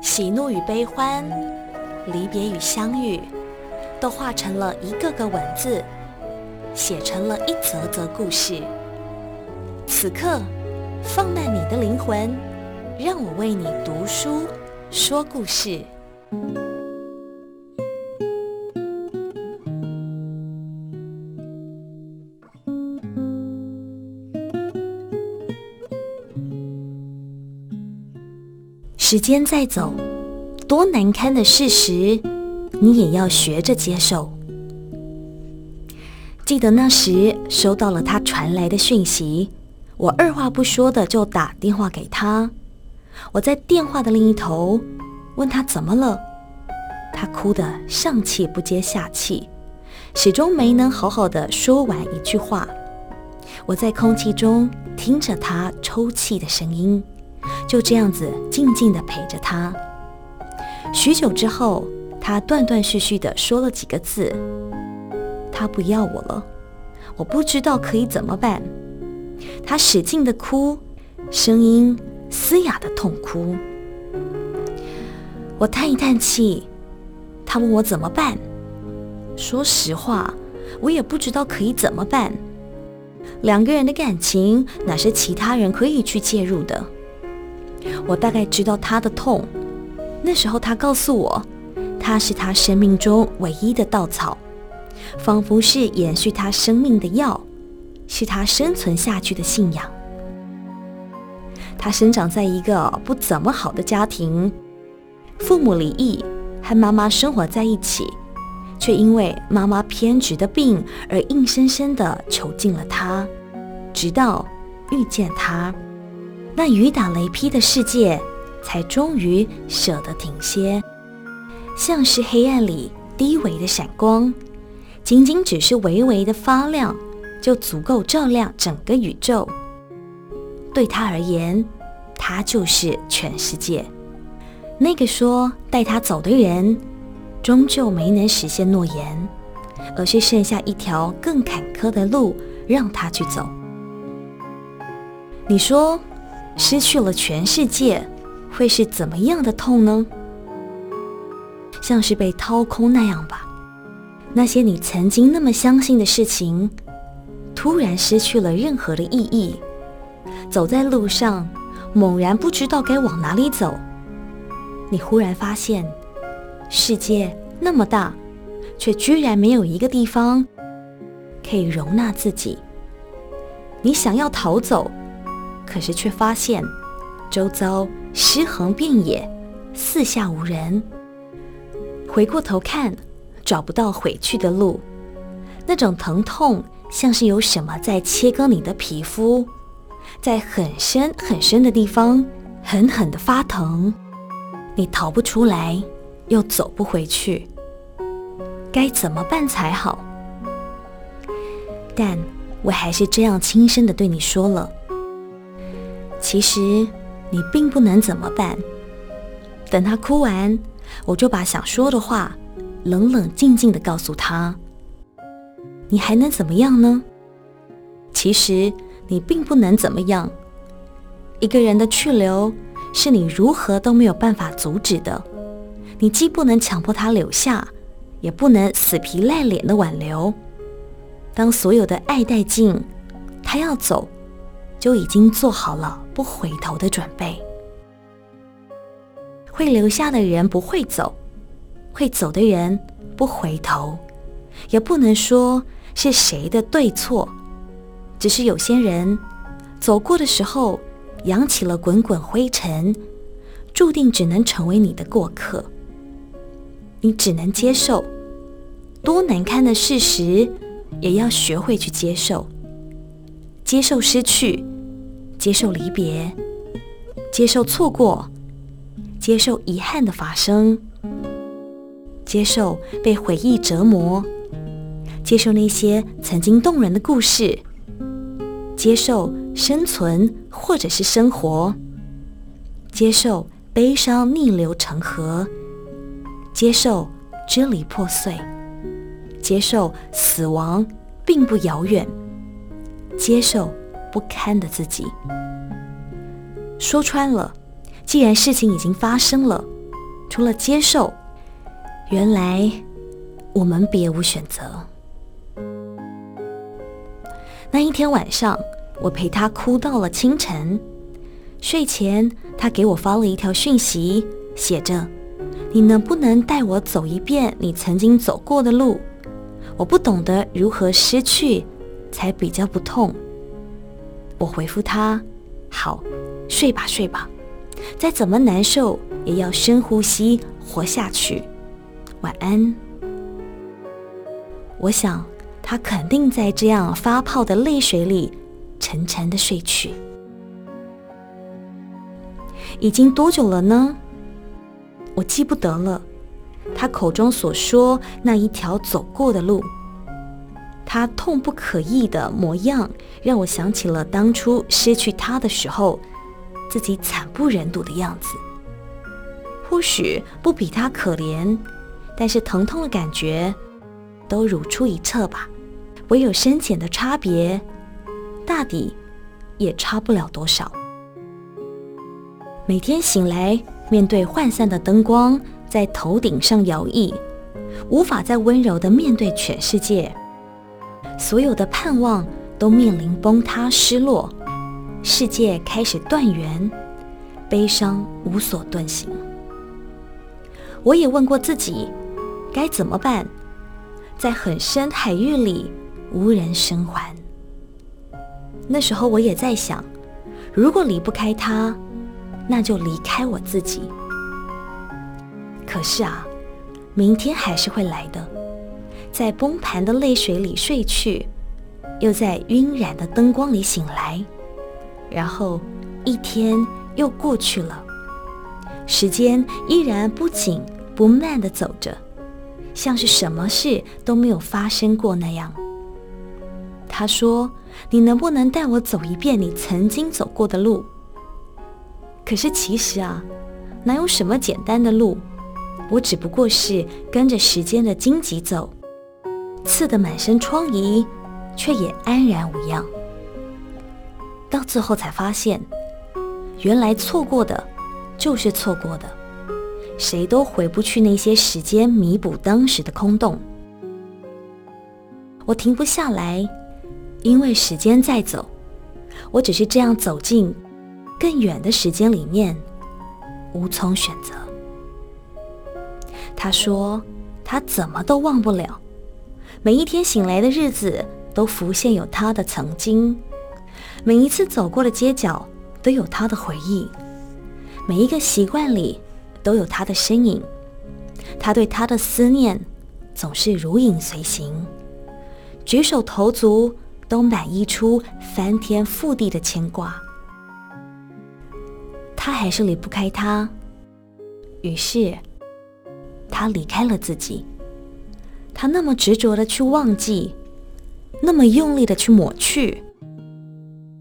喜怒與悲歡，離別與相遇，都化成了一個個文字，寫成了一則則故事。此刻，放慢你的靈魂，讓我為你讀書說故事。時間在走，多難堪的事實，你也要學着接受。記得那時收到了他傳來的訊息，我二話不說的就打電話給他。我在電話的另一頭問他怎麼了，他哭得上氣不接下氣，始終沒能好好的說完一句話。我在空氣中聽着他抽泣的聲音。就這樣子靜靜的陪着他，許久之後，他斷斷續續的說了幾個字：“他不要我了，我不知道可以怎麼辦。”他使勁的哭，聲音嘶啞的痛哭。我嘆一嘆氣，他問我怎麼辦。說實話，我也不知道可以怎麼辦。兩個人的感情哪是其他人可以去介入的？我大概知道他的痛。那時候，他告訴我，他是他生命中唯一的稻草，仿佛是延續他生命的藥，是他生存下去的信仰。他生長在一個不怎麼好的家庭，父母離異，和媽媽生活在一起，卻因為媽媽偏執的病而硬生生地囚禁了他，直到遇見他。那雨打雷劈的世界，才終於捨得停歇，像是黑暗裡低微的閃光，僅僅只是微微的發亮，就足夠照亮整個宇宙。對他而言，他就是全世界。那個說帶他走的人，終究沒能實現諾言，而是剩下一條更坎坷的路讓他去走。你說。失去了全世界，會是怎麼樣的痛呢？像是被掏空那樣吧。那些你曾經那麼相信的事情，突然失去了任何的意義。走在路上，猛然不知道該往哪裡走。你忽然發現，世界那麼大，卻居然沒有一個地方可以容納自己。你想要逃走。可是卻發現，周遭屍橫遍野，四下無人。回過頭看，找不到回去的路。那種疼痛像是有什麼在切割你的皮膚，在很深很深的地方狠狠地發疼。你逃不出來，又走不回去，該怎麼辦才好？但我還是這樣輕聲地對你說了。其實，你並不能怎麼辦。等他哭完，我就把想說的話，冷冷靜靜的告訴他。你還能怎麼樣呢？其實，你並不能怎麼樣。一個人的去留，是你如何都沒有辦法阻止的。你既不能強迫他留下，也不能死皮賴臉的挽留。當所有的愛殆盡，他要走，就已經做好了不回頭的準備。會留下的人不會走，會走的人不回頭，也不能說是誰的對錯，只是有些人走過的時候揚起了滾滾灰塵，注定只能成為你的過客。你只能接受，多難堪的事實，也要學會去接受。接受失去，接受離別，接受錯過，接受遺憾的發生，接受被回憶折磨，接受那些曾經動人的故事，接受生存或者是生活，接受悲傷逆流成河，接受支離破碎，接受死亡並不遙遠。接受不堪的自己。說穿了，既然事情已經發生了，除了接受，原來我們別無選擇。那一天晚上，我陪他哭到了清晨。睡前，他給我發了一條訊息，寫着：“你能不能帶我走一遍你曾經走過的路？我不懂得如何失去。”才比較不痛。我回覆他：“好，睡吧睡吧，再怎麼難受也要深呼吸活下去。晚安。”我想他肯定在這樣發泡的淚水裡沉沉的睡去。已經多久了呢？我記不得了。他口中所說那一條走過的路。他痛不可抑的模樣，讓我想起了當初失去他的時候，自己慘不忍睹的樣子。或許不比他可憐，但是疼痛的感覺都如出一轍吧。唯有深淺的差別，大抵也差不了多少。每天醒來，面對渙散的燈光在頭頂上搖曳，無法再溫柔地面對全世界。所有的盼望都面臨崩塌、失落，世界開始斷緣，悲傷無所遁形。我也問過自己，該怎麼辦？在很深海域裡無人生還。那時候我也在想，如果離不開他，那就離開我自己。可是啊，明天還是會來的。在崩盤的淚水裡睡去，又在暈染的燈光裡醒來，然後一天又過去了，時間依然不緊不慢地走着，像是什麼事都沒有發生過那樣。他說：“你能不能帶我走一遍你曾經走過的路？”可是其實啊，哪有什麼簡單的路，我只不過是跟着時間的荊棘走。刺得滿身瘡痍，卻也安然無恙。到最後才發現，原來錯過的就是錯過的，誰都回不去那些時間，彌補當時的空洞。我停不下來，因為時間在走，我只是這樣走進更遠的時間裡面，無從選擇。他說，他怎麼都忘不了。每一天醒來的日子都浮現有他的曾經，每一次走過的街角都有他的回憶，每一個習慣裡都有他的身影。他對他的思念總是如影隨形，舉手投足都滿溢出翻天覆地的牽掛。他還是離不開他，於是他離開了自己。他那麼執着的去忘記，那麼用力的去抹去，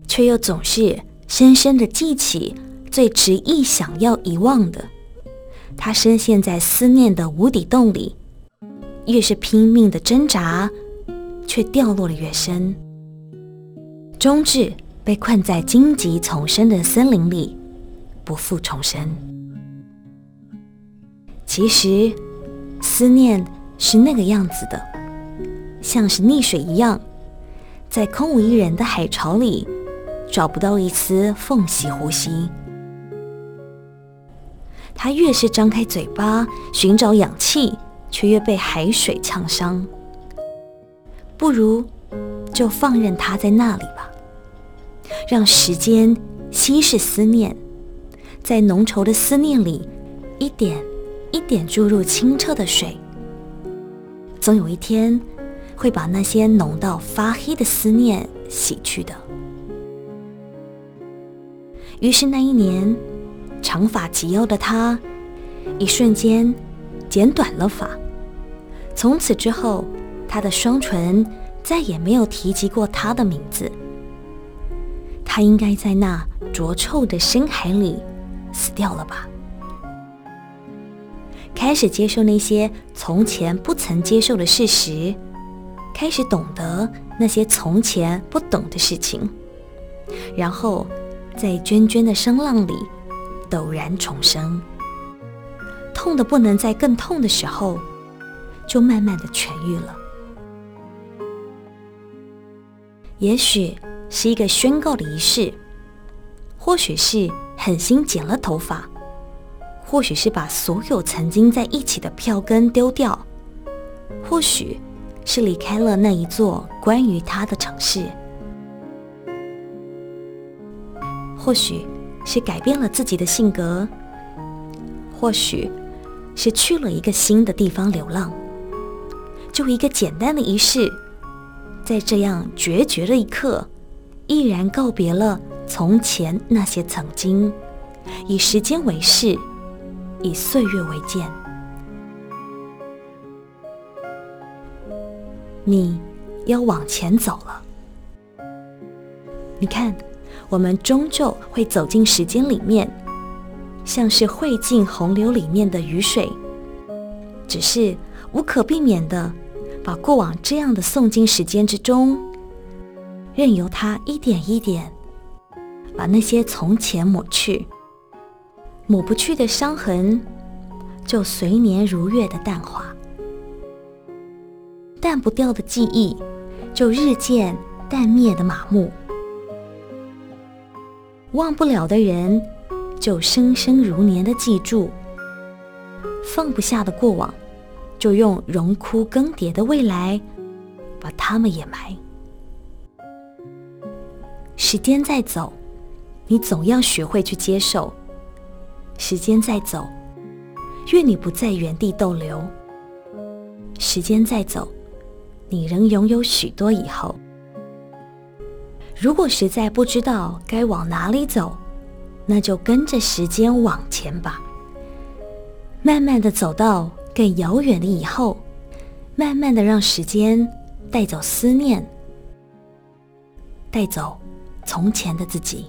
卻又總是深深的記起最執意想要遺忘的。他深陷在思念的無底洞裡，越是拼命的掙扎，卻掉落的越深，終至被困在荊棘叢生的森林裡，不復重生。其實，思念。是那個樣子的，像是溺水一樣，在空無一人的海潮裡，找不到一絲縫隙呼吸。他越是張開嘴巴尋找氧氣，卻越被海水嗆傷。不如就放任它在那裡吧，讓時間稀釋思念，在濃稠的思念裡，一點一點注入清澈的水。總有一天，會把那些濃到發黑的思念洗去的。於是那一年，長髮及腰的他，一瞬間剪短了髮。從此之後，他的雙唇再也沒有提及過他的名字。他應該在那濁臭的深海裡死掉了吧？開始接受那些從前不曾接受的事實，開始懂得那些從前不懂的事情，然後在涓涓的聲浪裡陡然重生，痛得不能再更痛的時候，就慢慢的痊癒了。也許是一個宣告的儀式，或許是狠心剪了頭髮。或許是把所有曾經在一起的票根丟掉，或許是離開了那一座關於他的城市，或許是改變了自己的性格，或許是去了一個新的地方流浪。就一個簡單的儀式，在這樣決絕的一刻，毅然告別了從前那些曾經，以時間為誓。以歲月為鑑，你要往前走了。你看，我們終究會走進時間裡面，像是匯進洪流裡面的雨水，只是無可避免的把過往這樣的送進時間之中，任由它一點一點把那些從前抹去。抹不去的傷痕，就隨年如月的淡化；淡不掉的記憶，就日漸淡滅的麻木；忘不了的人，就生生如年的記住；放不下的過往，就用榮枯更迭的未來把它們掩埋。時間在走，你總要學會去接受。時間在走，願你不在原地逗留。時間在走，你仍擁有許多以後。如果實在不知道該往哪裡走，那就跟着時間往前吧。慢慢地走到更遙遠的以後，慢慢地讓時間帶走思念，帶走從前的自己。